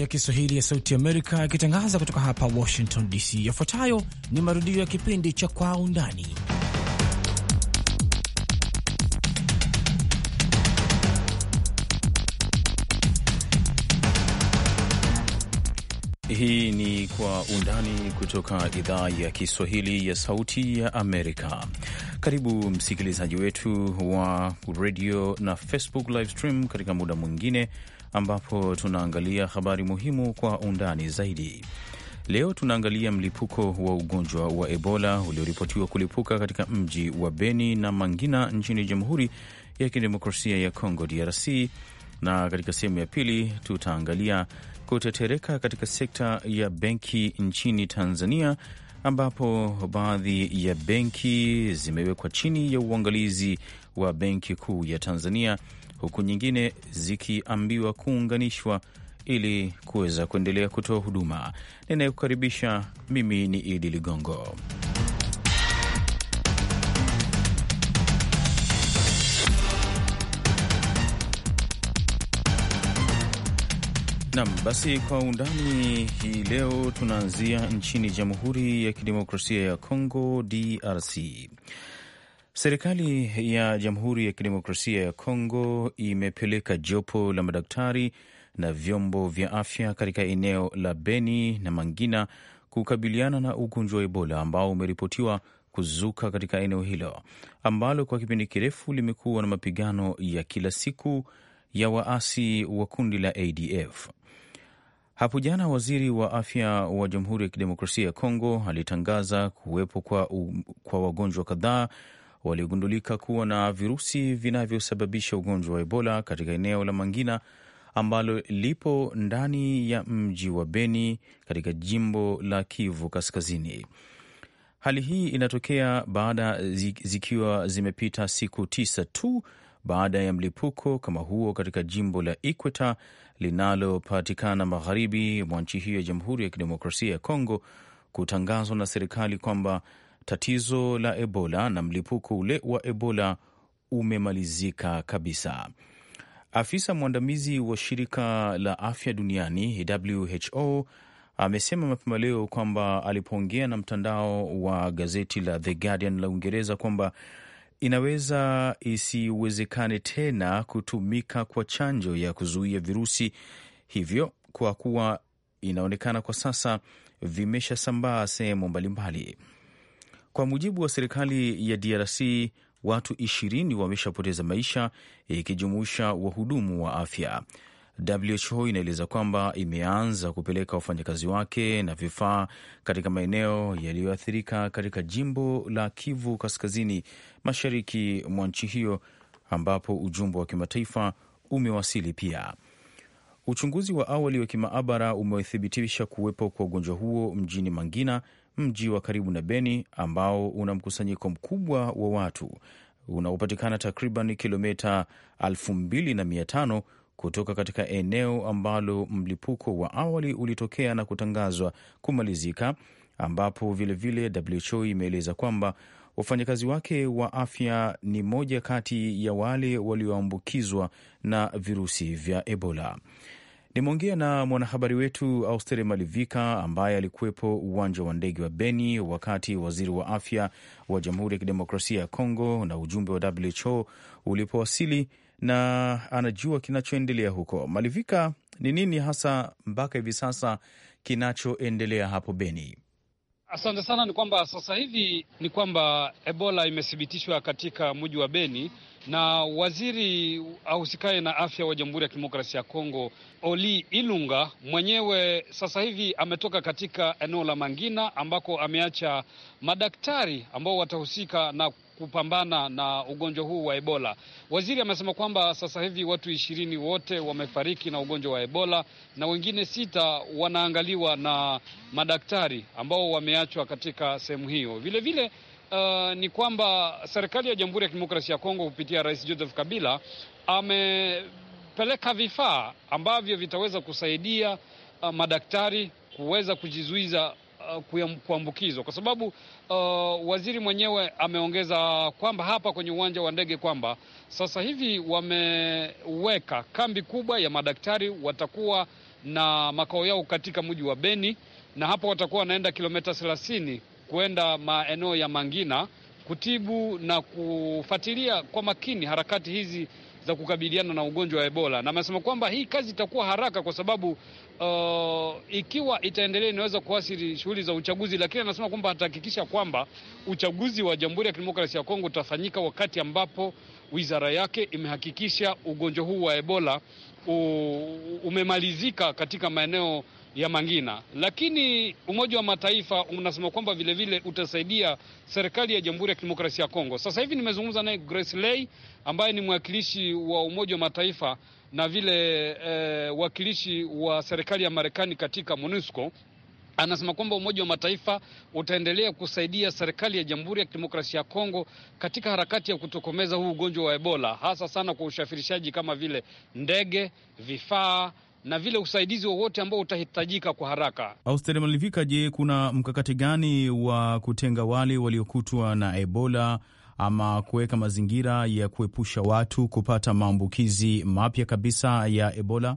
ya Kiswahili ya Sauti Amerika ikitangaza kutoka hapa Washington DC. Yafuatayo ni marudio ya kipindi cha Kwa Undani. Hii ni Kwa Undani kutoka idhaa ya Kiswahili ya Sauti ya Amerika. Karibu msikilizaji wetu wa radio na Facebook live stream katika muda mwingine ambapo tunaangalia habari muhimu kwa undani zaidi. Leo tunaangalia mlipuko wa ugonjwa wa Ebola ulioripotiwa kulipuka katika mji wa Beni na Mangina nchini Jamhuri ya Kidemokrasia ya Kongo, DRC, na katika sehemu ya pili tutaangalia kutetereka katika sekta ya benki nchini Tanzania ambapo baadhi ya benki zimewekwa chini ya uangalizi wa Benki Kuu ya Tanzania huku nyingine zikiambiwa kuunganishwa ili kuweza kuendelea kutoa huduma. Ninayekukaribisha mimi ni Idi Ligongo. Nam, basi kwa undani hii leo tunaanzia nchini Jamhuri ya Kidemokrasia ya Kongo, DRC. Serikali ya Jamhuri ya Kidemokrasia ya Kongo imepeleka jopo la madaktari na vyombo vya afya katika eneo la Beni na Mangina kukabiliana na ugonjwa wa Ebola ambao umeripotiwa kuzuka katika eneo hilo ambalo kwa kipindi kirefu limekuwa na mapigano ya kila siku ya waasi wa kundi la ADF. Hapo jana waziri wa afya wa Jamhuri ya Kidemokrasia ya Kongo alitangaza kuwepo kwa, kwa wagonjwa kadhaa waliogundulika kuwa na virusi vinavyosababisha ugonjwa wa Ebola katika eneo la Mangina ambalo lipo ndani ya mji wa Beni katika jimbo la Kivu Kaskazini. Hali hii inatokea baada zikiwa zimepita siku tisa tu baada ya mlipuko kama huo katika jimbo la Ikweta linalopatikana magharibi mwa nchi hiyo ya Jamhuri ya Kidemokrasia ya Kongo kutangazwa na serikali kwamba tatizo la Ebola na mlipuko ule wa Ebola umemalizika kabisa. Afisa mwandamizi wa shirika la afya duniani WHO amesema mapema leo kwamba alipoongea na mtandao wa gazeti la The Guardian la Uingereza kwamba inaweza isiwezekane tena kutumika kwa chanjo ya kuzuia virusi hivyo kwa kuwa inaonekana kwa sasa vimeshasambaa sehemu mbalimbali. Kwa mujibu wa serikali ya DRC, watu ishirini wameshapoteza maisha ikijumuisha wahudumu wa afya. WHO inaeleza kwamba imeanza kupeleka wafanyakazi wake na vifaa katika maeneo yaliyoathirika katika jimbo la Kivu Kaskazini, mashariki mwa nchi hiyo, ambapo ujumbe wa kimataifa umewasili pia. Uchunguzi wa awali wa kimaabara umethibitisha kuwepo kwa ugonjwa huo mjini Mangina mji wa karibu na Beni ambao una mkusanyiko mkubwa wa watu unaopatikana takriban kilomita 2500 kutoka katika eneo ambalo mlipuko wa awali ulitokea na kutangazwa kumalizika, ambapo vilevile vile WHO imeeleza kwamba wafanyakazi wake wa afya ni moja kati ya wale walioambukizwa na virusi vya Ebola. Nimeongea na mwanahabari wetu Austere Malivika ambaye alikuwepo uwanja wa ndege wa Beni wakati waziri wa afya wa Jamhuri ya Kidemokrasia ya Kongo na ujumbe wa WHO ulipowasili, na anajua kinachoendelea huko. Malivika, ni nini hasa mpaka hivi sasa kinachoendelea hapo Beni? Asante sana. Ni kwamba sasa hivi ni kwamba Ebola imethibitishwa katika mji wa Beni na waziri ahusikaye na afya wa Jamhuri ya Kidemokrasia ya Kongo Oli Ilunga mwenyewe sasa hivi ametoka katika eneo la Mangina ambako ameacha madaktari ambao watahusika na kupambana na ugonjwa huu wa Ebola. Waziri amesema kwamba sasa hivi watu ishirini wote wamefariki na ugonjwa wa Ebola na wengine sita wanaangaliwa na madaktari ambao wameachwa katika sehemu hiyo. Vilevile uh, ni kwamba serikali ya Jamhuri ya Kidemokrasia ya Kongo kupitia Rais Joseph Kabila amepeleka vifaa ambavyo vitaweza kusaidia uh, madaktari kuweza kujizuiza uh, kuambukizwa kwa sababu uh, waziri mwenyewe ameongeza kwamba hapa kwenye uwanja wa ndege kwamba sasa hivi wameweka kambi kubwa ya madaktari, watakuwa na makao yao katika mji wa Beni na hapo watakuwa wanaenda kilomita 30 kwenda maeneo ya Mangina kutibu na kufuatilia kwa makini harakati hizi za kukabiliana na ugonjwa wa Ebola, na amesema kwamba hii kazi itakuwa haraka kwa sababu uh, ikiwa itaendelea inaweza kuathiri shughuli za uchaguzi, lakini anasema kwamba atahakikisha kwamba uchaguzi wa Jamhuri ya Kidemokrasia ya Kongo utafanyika wakati ambapo wizara yake imehakikisha ugonjwa huu wa Ebola umemalizika katika maeneo ya Mangina, lakini Umoja wa Mataifa unasema kwamba vilevile utasaidia serikali ya Jamhuri ya Kidemokrasia ya Kongo. Sasa hivi nimezungumza naye Grace Lay ambaye ni mwakilishi wa Umoja wa Mataifa na vile eh, wakilishi wa serikali ya Marekani katika MONUSCO anasema kwamba Umoja wa Mataifa utaendelea kusaidia serikali ya Jamhuri ya Kidemokrasia ya Kongo katika harakati ya kutokomeza huu ugonjwa wa Ebola, hasa sana kwa ushafirishaji kama vile ndege, vifaa na vile usaidizi wowote ambao utahitajika kwa haraka. auster Malivika, je, kuna mkakati gani wa kutenga wale waliokutwa na Ebola ama kuweka mazingira ya kuepusha watu kupata maambukizi mapya kabisa ya Ebola?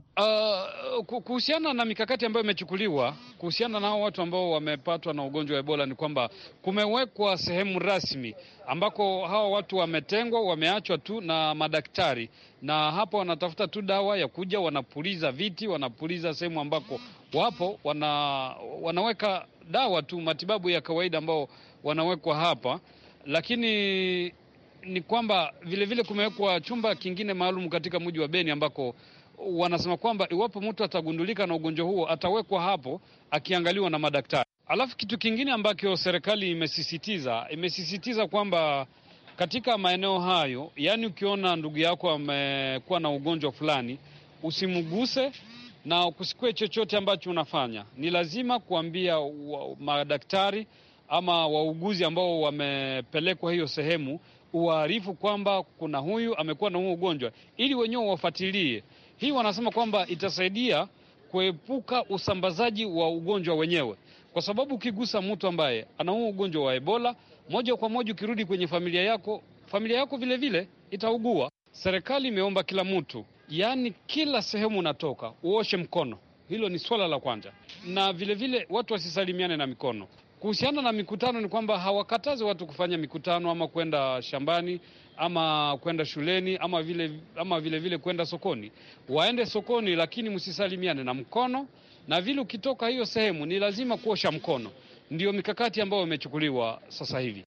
Uh, kuhusiana na mikakati ambayo imechukuliwa kuhusiana na hao watu ambao wamepatwa na ugonjwa wa Ebola ni kwamba kumewekwa sehemu rasmi ambako hawa watu wametengwa, wameachwa tu na madaktari, na hapo wanatafuta tu dawa ya kuja, wanapuliza viti, wanapuliza sehemu ambako wapo, wana, wanaweka dawa tu, matibabu ya kawaida ambao wanawekwa hapa lakini ni kwamba vilevile kumewekwa chumba kingine maalum katika mji wa Beni ambako wanasema kwamba iwapo mtu atagundulika na ugonjwa huo atawekwa hapo akiangaliwa na madaktari. Alafu kitu kingine ambacho serikali imesisitiza, imesisitiza kwamba katika maeneo hayo, yaani ukiona ndugu yako amekuwa na ugonjwa fulani usimguse na kusikue chochote ambacho unafanya. Ni lazima kuambia madaktari ama wauguzi ambao wamepelekwa hiyo sehemu uwaarifu kwamba kuna huyu amekuwa na huo ugonjwa, ili wenyewe wafuatilie. Hii wanasema kwamba itasaidia kuepuka usambazaji wa ugonjwa wenyewe, kwa sababu ukigusa mtu ambaye ana huo ugonjwa wa Ebola moja kwa moja, ukirudi kwenye familia yako, familia yako vilevile vile itaugua. Serikali imeomba kila mtu, yaani kila sehemu unatoka uoshe mkono. Hilo ni swala la kwanza, na vilevile vile, watu wasisalimiane na mikono. Kuhusiana na mikutano ni kwamba hawakatazi watu kufanya mikutano ama kwenda shambani ama kwenda shuleni ama vile ama vile vile kwenda sokoni. Waende sokoni, lakini msisalimiane na mkono, na vile ukitoka hiyo sehemu ni lazima kuosha mkono. ndio mikakati ambayo imechukuliwa sasa hivi.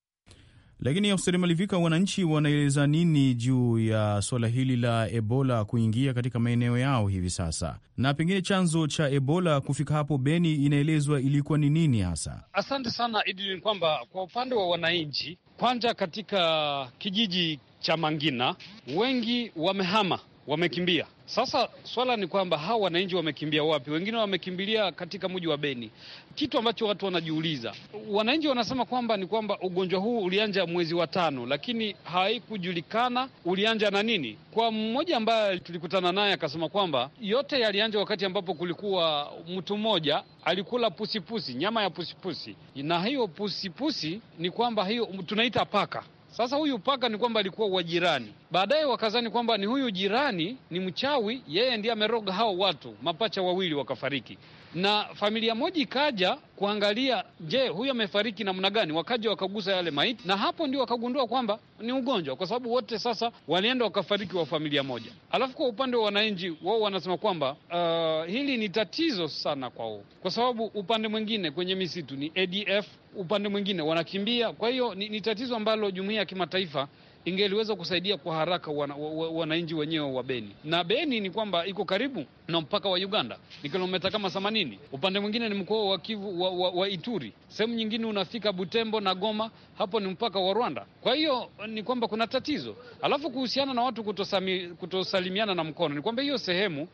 Lakini Austeri Malivika, wananchi wanaeleza nini juu ya suala hili la Ebola kuingia katika maeneo yao hivi sasa, na pengine chanzo cha Ebola kufika hapo Beni inaelezwa ilikuwa ni nini hasa? Asante sana Idi, ni kwamba kwa upande wa wananchi, kwanza katika kijiji cha Mangina wengi wamehama wamekimbia. Sasa swala ni kwamba hawa wananchi wamekimbia wapi? Wengine wamekimbilia katika mji wa Beni. Kitu ambacho watu wanajiuliza, wananchi wanasema kwamba ni kwamba ugonjwa huu ulianja mwezi wa tano, lakini haikujulikana ulianja na nini. Kwa mmoja ambaye tulikutana naye akasema kwamba yote yalianja wakati ambapo kulikuwa mtu mmoja alikula pusipusi, nyama ya pusipusi, na hiyo pusipusi ni kwamba hiyo tunaita paka sasa huyu paka ni kwamba alikuwa wa jirani, baadaye wakazani kwamba ni huyu jirani ni mchawi, yeye ndiye ameroga hao watu, mapacha wawili wakafariki na familia moja ikaja kuangalia, je, huyu amefariki namna gani? Wakaja wakagusa yale maiti, na hapo ndio wakagundua kwamba ni ugonjwa, kwa sababu wote sasa walienda wakafariki wa familia moja. Alafu kwa upande wa wananchi, wao wanasema kwamba uh, hili ni tatizo sana kwao, kwa sababu upande mwingine kwenye misitu ni ADF, upande mwingine wanakimbia. Kwa hiyo ni, ni tatizo ambalo jumuiya ya kimataifa ingeliweza kusaidia kwa haraka wananchi wana wenyewe wa Beni, na Beni ni kwamba iko karibu na mpaka wa Uganda, ni kilomita kama 80. Upande mwingine ni mkoa wa Kivu wa, wa, wa Ituri, sehemu nyingine unafika Butembo na Goma, hapo ni mpaka wa Rwanda. Kwa hiyo ni kwamba kuna tatizo. Alafu kuhusiana na watu kutosami, kutosalimiana na mkono, ni kwamba hiyo sehemu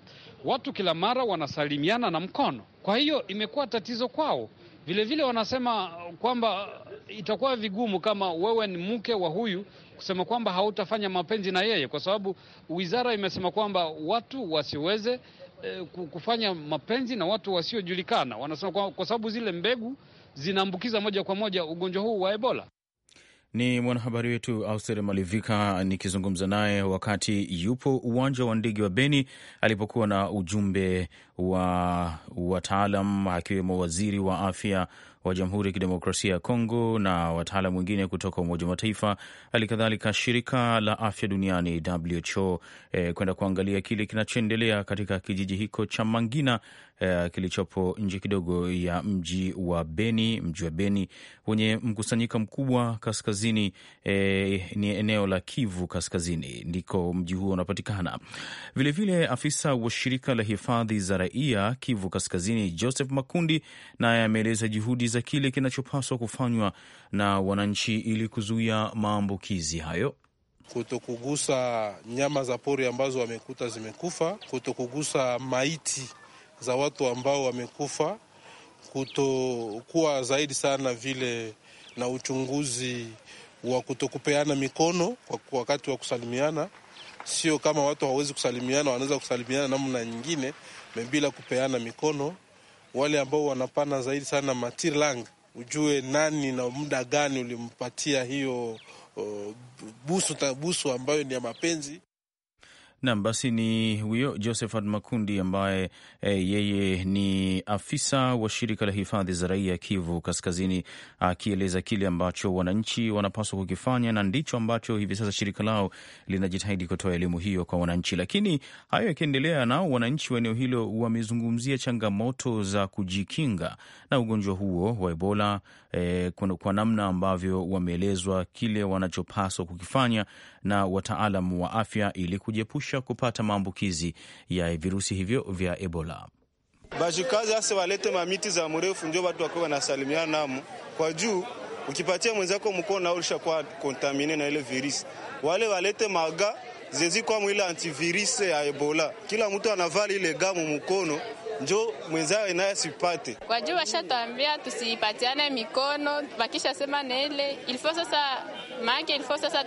watu kila mara wanasalimiana na mkono, kwa hiyo imekuwa tatizo kwao. Vilevile vile wanasema kwamba itakuwa vigumu kama wewe ni mke wa huyu kusema kwamba hautafanya mapenzi na yeye, kwa sababu wizara imesema kwamba watu wasiweze eh, kufanya mapenzi na watu wasiojulikana. Wanasema kwa, kwa sababu zile mbegu zinaambukiza moja kwa moja ugonjwa huu wa Ebola. Ni mwanahabari wetu Auster Malivika nikizungumza naye wakati yupo uwanja wa ndege wa Beni alipokuwa na ujumbe wa wataalam akiwemo waziri wa afya wa Jamhuri ya Kidemokrasia ya Kongo na wataalam wengine kutoka Umoja wa Mataifa, hali kadhalika shirika la afya duniani WHO, eh, kwenda kuangalia kile kinachoendelea katika kijiji hicho cha Mangina eh, kilichopo nje kidogo ya mji wa Beni, mji wa Beni wenye mkusanyiko mkubwa kaskazini, eh, ni eneo la Kivu Kaskazini, ndiko mji huo unapatikana. Vilevile afisa wa shirika la hifadhi za raia Kivu Kaskazini Joseph Makundi naye ameeleza juhudi za kile kinachopaswa kufanywa na wananchi ili kuzuia maambukizi hayo kutokugusa nyama za pori ambazo wamekuta zimekufa, kutokugusa maiti za watu ambao wamekufa, kutokuwa zaidi sana vile na uchunguzi wa kutokupeana mikono kwa wakati wa kusalimiana. Sio kama watu hawawezi kusalimiana, wanaweza kusalimiana namna nyingine bila kupeana mikono. Wale ambao wanapana zaidi sana matirlang, ujue nani na muda gani ulimpatia hiyo uh, busu, busu ambayo ni ya mapenzi. Nam, basi ni huyo Josephat Makundi ambaye e, yeye ni afisa wa shirika la hifadhi za raia Kivu Kaskazini, akieleza kile ambacho wananchi wanapaswa kukifanya, na ndicho ambacho hivi sasa shirika lao linajitahidi kutoa elimu hiyo kwa wananchi. Lakini hayo yakiendelea, nao wananchi wa eneo hilo wamezungumzia changamoto za kujikinga na ugonjwa huo wa Ebola e, kwa namna ambavyo wameelezwa kile wanachopaswa kukifanya na wataalam wa afya ili kujiepusha kupata maambukizi ya virusi hivyo vya Ebola. Bajikazi hasa walete mamiti za mrefu, ndio watu wakiwa wanasalimiana namo kwa juu. Ukipatia mwenzako mkono ulishakuwa kontamine na ile virusi. Wale walete maga zezi zezikwa mwile antivirus ya Ebola, kila mtu anavali ile gamu mkono njo mwenzao inayosipate kwa juu washatwambia tusipatiane mikono, wakisha sema na ile ilifo sasa maake ilifo sasa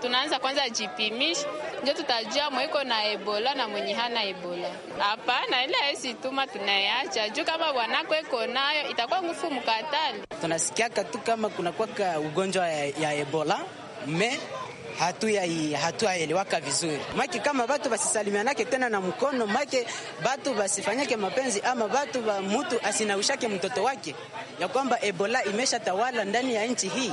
tunaanza kwanza jipimisha, ndio tutajua mweko na Ebola na mwenye hana Ebola. Hapana, ile hesi tuma tunayacha juu kama bwanako eko nayo itakuwa ngufu mkatali. Tunasikiaka tu kama kuna kunakwaka ugonjwa ya, ya Ebola me hatuyaelewaka hatu vizuri maki kama batu basisalimianake tena na mkono make batu basifanyake mapenzi ama batu ba mutu asinawishake mtoto wake ya kwamba Ebola imesha tawala ndani ya nchi hii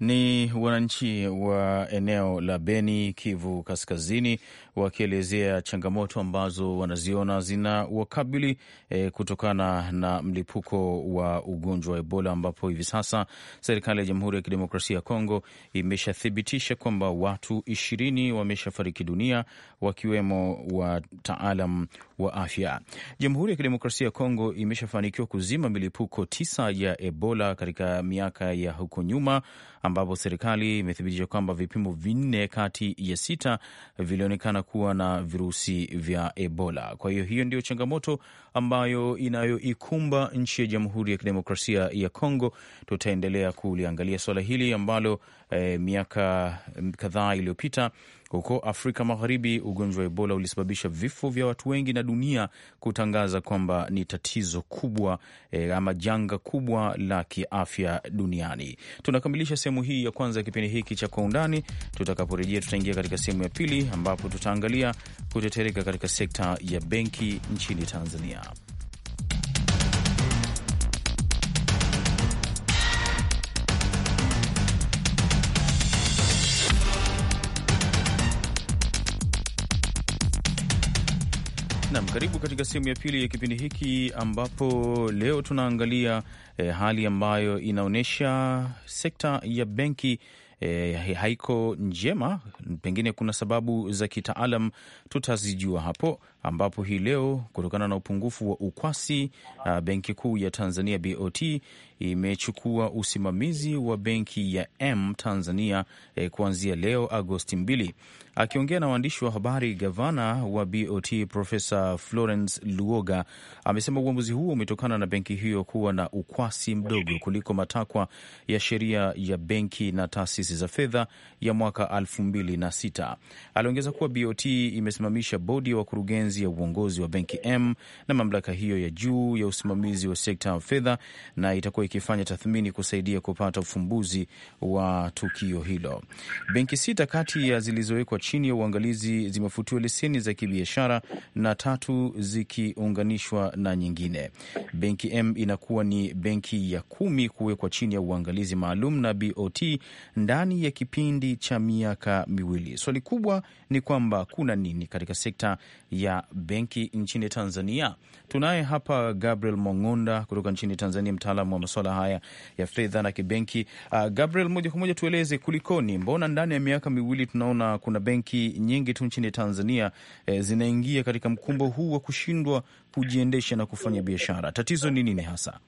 ni wananchi wa eneo la Beni, Kivu Kaskazini, wakielezea changamoto ambazo wanaziona zina wakabili e, kutokana na mlipuko wa ugonjwa wa Ebola, ambapo hivi sasa serikali ya Jamhuri ya Kidemokrasia ya Kongo imeshathibitisha kwamba watu ishirini wameshafariki dunia wakiwemo wataalam wa afya. Jamhuri ya Kidemokrasia ya Kongo imeshafanikiwa kuzima milipuko tisa ya Ebola katika miaka ya huko nyuma, ambapo serikali imethibitisha kwamba vipimo vinne kati ya sita vilionekana kuwa na virusi vya Ebola. Kwa hiyo hiyo ndiyo changamoto ambayo inayoikumba nchi ya Jamhuri ya Kidemokrasia ya Kongo. Tutaendelea kuliangalia suala hili ambalo eh, miaka kadhaa iliyopita huko Afrika Magharibi, ugonjwa wa Ebola ulisababisha vifo vya watu wengi na dunia kutangaza kwamba ni tatizo kubwa e, ama janga kubwa la kiafya duniani. Tunakamilisha sehemu hii ya kwanza ya kipindi hiki cha Kwa Undani. Tutakaporejea tutaingia katika sehemu ya pili ambapo tutaangalia kutetereka katika sekta ya benki nchini Tanzania. Nam, karibu katika sehemu ya pili ya kipindi hiki ambapo leo tunaangalia eh, hali ambayo inaonyesha sekta ya benki eh, haiko njema. Pengine kuna sababu za kitaalam, tutazijua hapo ambapo hii leo kutokana na upungufu wa ukwasi uh, Benki Kuu ya Tanzania BOT imechukua usimamizi wa benki ya M Tanzania eh, kuanzia leo Agosti mbili. Akiongea na waandishi wa habari, gavana wa BOT Profesa Florence Luoga amesema uamuzi huo umetokana na benki hiyo kuwa na ukwasi mdogo kuliko matakwa ya sheria ya benki na taasisi za fedha ya mwaka 26 Aliongeza kuwa BOT imesimamisha bodi ya wakurugenzi mapenzi ya uongozi wa benki M na mamlaka hiyo ya juu ya usimamizi wa sekta ya fedha, na itakuwa ikifanya tathmini kusaidia kupata ufumbuzi wa tukio hilo. Benki sita kati ya zilizowekwa chini ya uangalizi zimefutiwa leseni za kibiashara na tatu zikiunganishwa na nyingine. Benki M inakuwa ni benki ya kumi kuwekwa chini ya uangalizi maalum na BOT ndani ya kipindi cha miaka miwili. Swali kubwa ni kwamba kuna nini katika sekta ya benki nchini Tanzania. Tunaye hapa Gabriel Mongunda kutoka nchini Tanzania, mtaalamu wa masuala haya ya fedha na kibenki. Uh, Gabriel, moja kwa moja tueleze kulikoni, mbona ndani ya miaka miwili tunaona kuna benki nyingi tu nchini Tanzania eh, zinaingia katika mkumbo huu wa kushindwa kujiendesha na kufanya biashara? Tatizo ni nini hasa?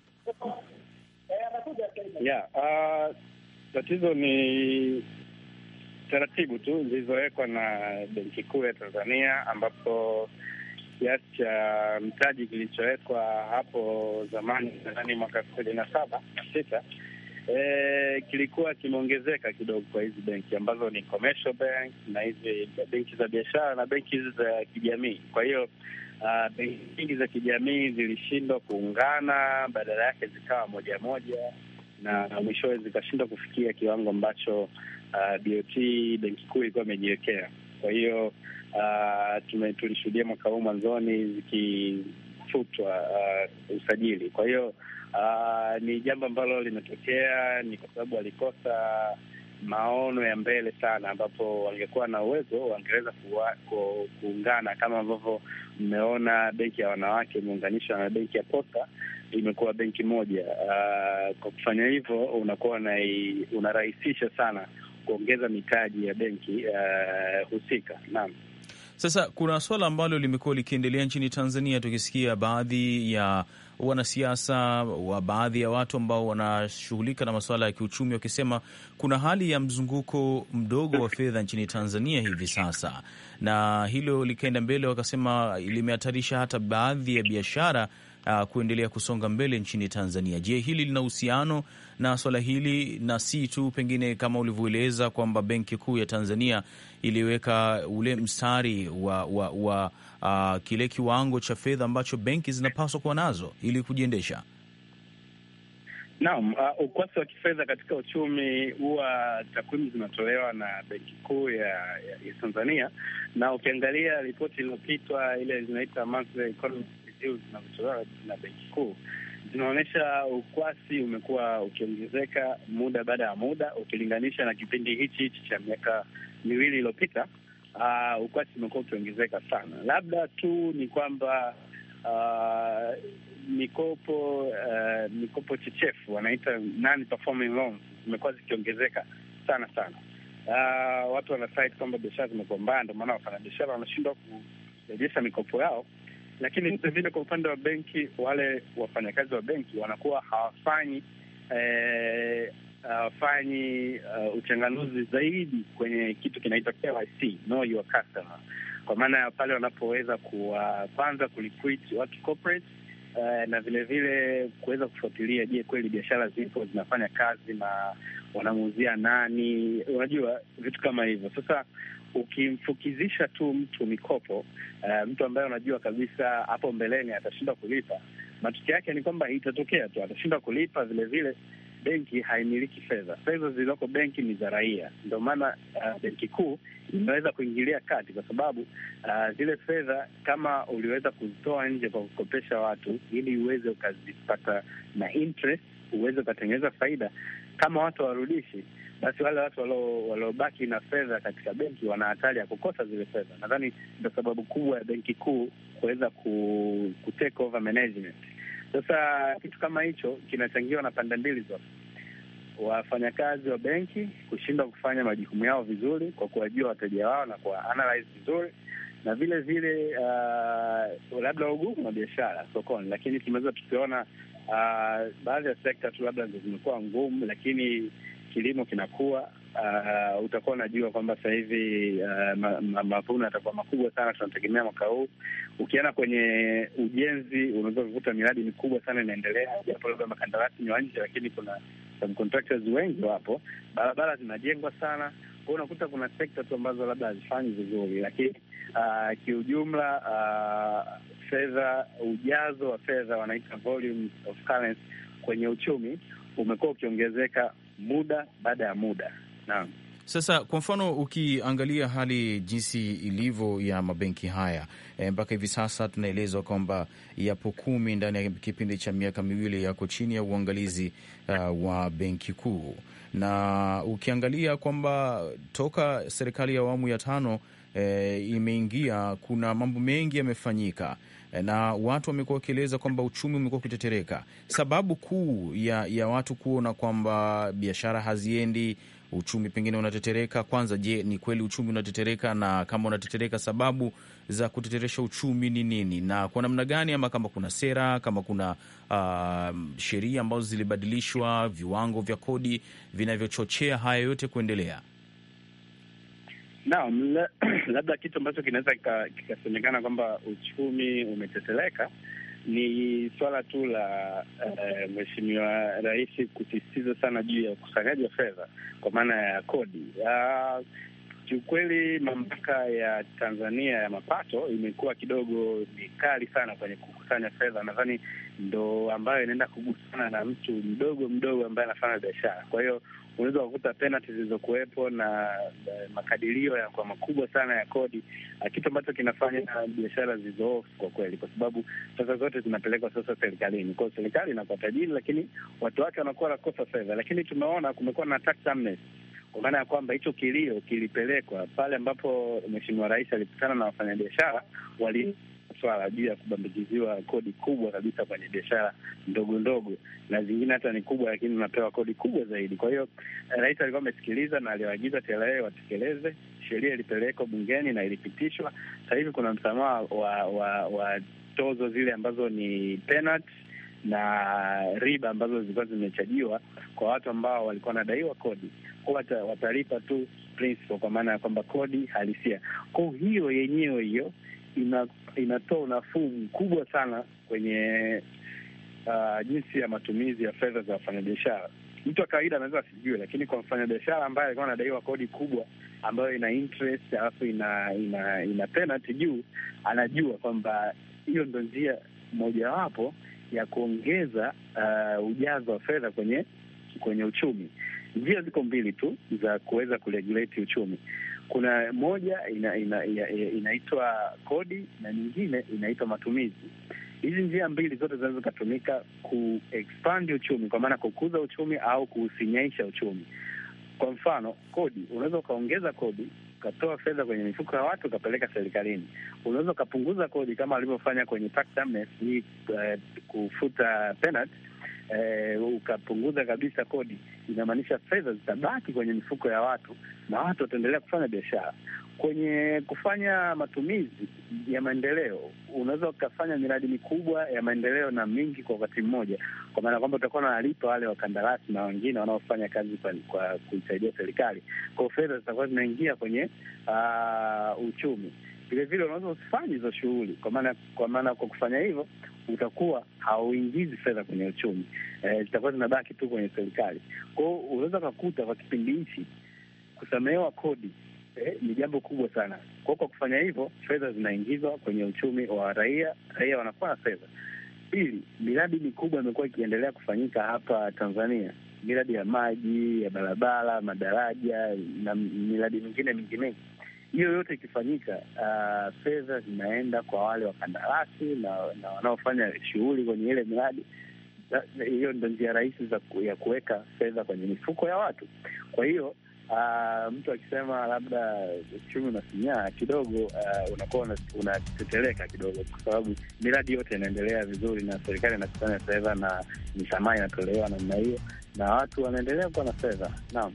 Yeah, uh, tatizo ni taratibu tu zilizowekwa na Benki Kuu ya Tanzania, ambapo kiasi cha mtaji kilichowekwa hapo zamani, nadhani mwaka elfu mbili na saba na sita e, kilikuwa kimeongezeka kidogo kwa hizi benki ambazo ni commercial bank na hizi benki za biashara na benki hizi za kijamii. Kwa hiyo uh, benki nyingi za kijamii zilishindwa kuungana, badala yake zikawa moja moja na mwishowe zikashindwa kufikia kiwango ambacho uh, BOT benki kuu ilikuwa imejiwekea. Kwa hiyo uh, tulishuhudia mwaka huu mwanzoni zikifutwa uh, usajili. Kwa hiyo uh, ni jambo ambalo limetokea, ni kwa sababu walikosa maono ya mbele sana, ambapo wangekuwa na uwezo wangeweza kuungana kama ambavyo mmeona benki ya wanawake imeunganishwa na benki ya Posta imekuwa benki moja. Uh, kwa kufanya hivyo unakuwa unarahisisha sana kuongeza mitaji ya benki uh, husika. Naam. Sasa kuna suala ambalo limekuwa likiendelea nchini Tanzania, tukisikia baadhi ya wanasiasa wa baadhi ya watu ambao wanashughulika na masuala ya kiuchumi wakisema kuna hali ya mzunguko mdogo wa fedha nchini Tanzania hivi sasa, na hilo likaenda mbele, wakasema limehatarisha hata baadhi ya biashara uh, kuendelea kusonga mbele nchini Tanzania. Je, hili lina uhusiano na swala hili, na si tu pengine kama ulivyoeleza kwamba Benki Kuu ya Tanzania iliweka ule mstari wa, wa, wa uh, kile kiwango cha fedha ambacho benki zinapaswa kuwa nazo ili kujiendesha? Naam, uh, ukwasi wa kifedha katika uchumi huwa takwimu zinatolewa na Benki Kuu ya, ya, ya Tanzania, na ukiangalia ripoti iliyopitwa ile zinaita economic juu zinazotolewa na benki kuu zinaonyesha ukwasi umekuwa ukiongezeka muda baada ya muda ukilinganisha na kipindi hichi hichi cha miaka miwili iliyopita. Uh, ukwasi umekuwa ukiongezeka sana. Labda tu ni kwamba uh, mikopo uh, mikopo chechefu wanaita non performing loans zimekuwa zikiongezeka sana sana. Uh, watu wanasite kwamba biashara zimekuwa mbaya, ndio maana wafanyabiashara wanashindwa kurejesha mikopo yao lakini vilevile kwa upande wa benki, wale wafanyakazi wa benki wanakuwa hawafanyi eh, hawafanyi uh, uchanganuzi zaidi kwenye kitu kinaitwa KYC, know your customer, kwa maana ya pale wanapoweza kuwa kwanza kuliquit watu corporate Uh, na vilevile kuweza kufuatilia, je, kweli biashara zipo zinafanya kazi na wanamuuzia nani? Unajua vitu kama hivyo. Sasa ukimfukizisha tu mtu mikopo uh, mtu ambaye unajua kabisa hapo mbeleni atashindwa kulipa, matokeo yake ni kwamba itatokea tu atashindwa kulipa vilevile vile benki haimiliki fedha. Fedha zilizoko benki ni za raia, ndio maana uh, benki kuu imeweza kuingilia kati, kwa sababu uh, zile fedha kama uliweza kuzitoa nje kwa kukopesha watu, ili uweze ukazipata na interest, uweze ukatengeneza faida, kama watu warudishi basi wale watu waliobaki na fedha katika benki wana hatari ya kukosa zile fedha. Nadhani ndo sababu kubwa ya benki kuu kuweza ku, ku take over management sasa kitu kama hicho kinachangiwa na pande mbili zote, wafanyakazi wa benki kushindwa kufanya majukumu yao vizuri kwa kuwajua wateja wao na kuwa analyze vizuri, na vile vile uh, labda ugumu wa biashara sokoni, lakini tunaweza tukiona uh, baadhi ya sekta tu labda zimekuwa ngumu, lakini kilimo kinakuwa uh, utakuwa unajua kwamba sasa hivi uh, ma, ma, mavuno yatakuwa makubwa sana, tunategemea mwaka huu. Ukienda kwenye ujenzi, unaweza kukuta miradi mikubwa sana inaendelea, japo labda makandarasi ni wa nje, lakini kuna subcontractors wengi wapo, barabara zinajengwa sana kwao unakuta kuna sekta tu ambazo labda hazifanyi vizuri, lakini uh, kiujumla uh, fedha, ujazo wa fedha wanaita volume of currency kwenye uchumi umekuwa ukiongezeka muda baada ya muda. Naam. Sasa kwa mfano ukiangalia hali jinsi ilivyo ya mabenki haya eh, mpaka hivi sasa tunaelezwa kwamba yapo kumi ndani ya kipindi cha miaka miwili yako chini ya uangalizi uh, wa benki kuu, na ukiangalia kwamba toka serikali ya awamu ya tano e, imeingia kuna mambo mengi yamefanyika eh, na watu wamekuwa wakieleza kwamba uchumi umekuwa ukitetereka. Sababu kuu ya, ya watu kuona kwamba biashara haziendi, uchumi pengine unatetereka. Kwanza, je, ni kweli uchumi unatetereka? Na kama unatetereka, sababu za kuteteresha uchumi ni nini na kwa namna gani, ama kama kuna sera, kama kuna uh, sheria ambazo zilibadilishwa, viwango vya kodi vinavyochochea haya yote kuendelea? Naam, labda kitu ambacho kinaweza kikasemekana kwamba uchumi umeteteleka ni swala tu la eh, Mheshimiwa Rais kusisitiza sana juu ya ukusanyaji wa fedha kwa maana ya kodi. Uh, Kiukweli mamlaka ya Tanzania ya mapato imekuwa kidogo ni kali sana kwenye kukusanya fedha, nadhani ndo ambayo inaenda kugusana na mtu mdogo mdogo ambaye anafanya biashara. Kwa hiyo unaweza kukuta penalti zilizokuwepo na makadirio kwa makubwa sana ya kodi, kitu ambacho kinafanya na biashara zilizoofu kwa kweli, kwa sababu pesa zote zinapelekwa sasa serikalini. Kwa hiyo serikali inapata jini, lakini watu wake wanakuwa nakosa fedha. Lakini tumeona kumekuwa na tax amnesty kwa maana ya kwamba hicho kilio kilipelekwa pale ambapo Mheshimiwa Rais alikutana na wafanyabiashara wali swala juu ya kubambikiziwa kodi kubwa kabisa kwenye biashara ndogo ndogo, na zingine hata ni kubwa, lakini unapewa kodi kubwa zaidi. Kwa hiyo eh, rais alikuwa amesikiliza na aliwaagiza TRA watekeleze sheria, ilipelekwa bungeni na ilipitishwa. Sasa hivi kuna msamaha wa, wa, wa tozo zile ambazo ni penalty na riba ambazo zilikuwa zimechajiwa kwa watu ambao walikuwa wanadaiwa kodi, huwa watalipa tu principal, kwa maana ya kwamba kodi halisia. Kwa hiyo yenyewe hiyo ina, inatoa unafuu mkubwa sana kwenye uh, jinsi ya matumizi ya fedha za wafanyabiashara. Mtu wa kawaida anaweza asijue, lakini kwa mfanyabiashara ambaye alikuwa anadaiwa kodi kubwa ambayo ina interest alafu ina ina, ina penalty juu, anajua kwamba hiyo ndo njia mojawapo ya kuongeza uh, ujazo wa fedha kwenye kwenye uchumi. Njia ziko mbili tu za kuweza kuregulate uchumi. Kuna moja inaitwa ina, ina, ina, kodi na nyingine inaitwa matumizi. Hizi njia mbili zote zinaweza zikatumika kuexpand uchumi, kwa maana kukuza uchumi au kuusinyaisha uchumi. Kwa mfano kodi, unaweza ukaongeza kodi ukatoa fedha kwenye mifuko ya watu ukapeleka serikalini. Unaweza ukapunguza kodi kama alivyofanya kwenye tax amnesty hii, uh, eh, kufuta penalty uh, ukapunguza kabisa kodi. Inamaanisha fedha zitabaki kwenye mifuko ya watu na watu wataendelea kufanya biashara kwenye kufanya matumizi ya maendeleo unaweza ukafanya miradi mikubwa ya maendeleo na mingi kwa wakati mmoja, kwa maana kwamba utakuwa unawalipa wale wakandarasi na wengine wanaofanya kazi kwa, kwa kuisaidia serikali, kwa fedha zitakuwa zinaingia kwenye uh, uchumi. Vilevile unaweza usifanye hizo shughuli, kwa maana kwa maana kwa kufanya hivyo utakuwa hauingizi fedha kwenye uchumi, e, zitakuwa zinabaki tu kwenye serikali. Kwa hiyo unaweza ukakuta kwa kipindi hichi kusamehewa kodi eh, ni jambo kubwa sana kwao. Kwa kufanya hivyo, fedha zinaingizwa kwenye uchumi wa raia, raia wanakuwa na fedha. Pili, miradi mikubwa imekuwa ikiendelea kufanyika hapa Tanzania, miradi ya maji, ya barabara, madaraja na miradi mingine mingi mingi. Hiyo yote ikifanyika, uh, fedha zinaenda kwa wale wakandarasi na, na wanaofanya shughuli kwenye ile miradi. Hiyo ndo njia rahisi ya kuweka fedha kwenye mifuko ya watu. Kwa hiyo uh, mtu akisema labda uchumi unasinyaa kidogo, uh, unakuwa unateteleka kidogo, kwa sababu miradi yote inaendelea vizuri na serikali inakusanya fedha na misamaha inatolewa namna hiyo, na watu wanaendelea kuwa na fedha. Naam.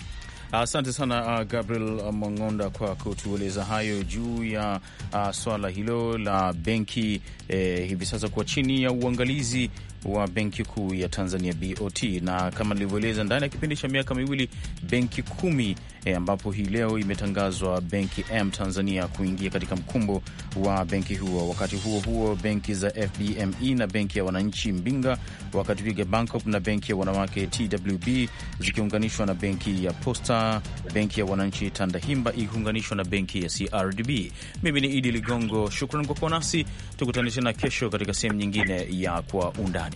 Asante sana ah, Gabriel Mang'onda kwa kutueleza hayo juu ya uh, swala hilo la benki eh, hivi sasa kuwa chini ya uangalizi wa Benki Kuu ya Tanzania BOT, na kama nilivyoeleza ndani ya kipindi cha miaka miwili benki kumi e, ambapo hii leo imetangazwa benki M Tanzania kuingia katika mkumbo wa benki huo. Wakati huo huo, benki za FBME na benki ya wananchi Mbinga, wakati Wiga Bank na benki ya wanawake TWB zikiunganishwa na benki ya Posta, benki ya wananchi Tandahimba ikiunganishwa na benki ya CRDB. Mimi ni Idi Ligongo, shukran kwa kuwa nasi, tukutane tena kesho katika sehemu nyingine ya Kwa Undani.